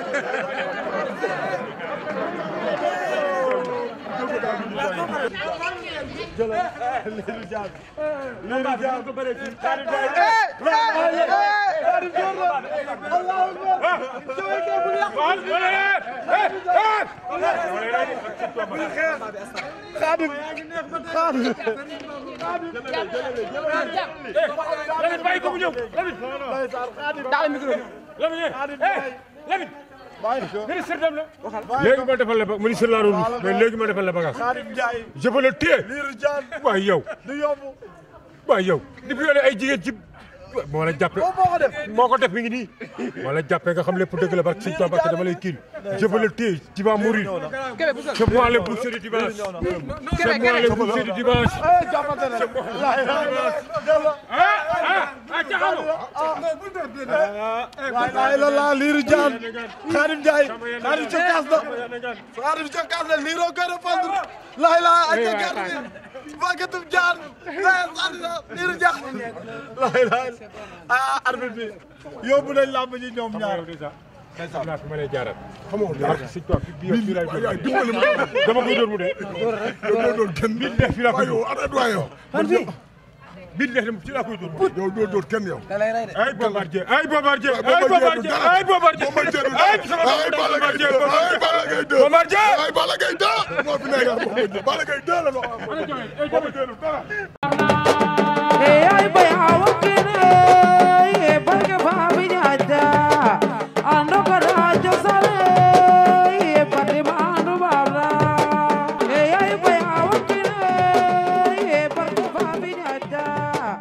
خادم خادم خادم ministre dem na léegi ma defal la ba ministre laa doon mais léegi ma defal la bagage je veux le téye waay yow waay yow di ay jigéen ci moo la jàppe moo ko def mi ngi nii moo la jàppe nga xam lépp dëgg la barke sëñ Tuubaa Mbàkke dama lay kiil je veux le téye tu vas mourir c'est a le boucher du dimanche c'est moi le boucher du dimanche eh, waaye la laa liiru jaan xaadim jaay xaadim ca kaas la xaadim ca kaas la liiroo koy répondre laay laa ak ca kaas jaan laay xaadim la liiru jaan laay laay ah, ji ñoom ñaar tey sax naa fi ma lay jaaral. xam nga dama mu dee. doon doon kenn. bi dee fii laa ko billahi ci laa koy dóor yow doo dóor kenn yow ay bombardier ay bombardier ay bombardier ay bombardier ay bombardier bombardier ay bala gay dóor moo fi nekk bala gay dóor la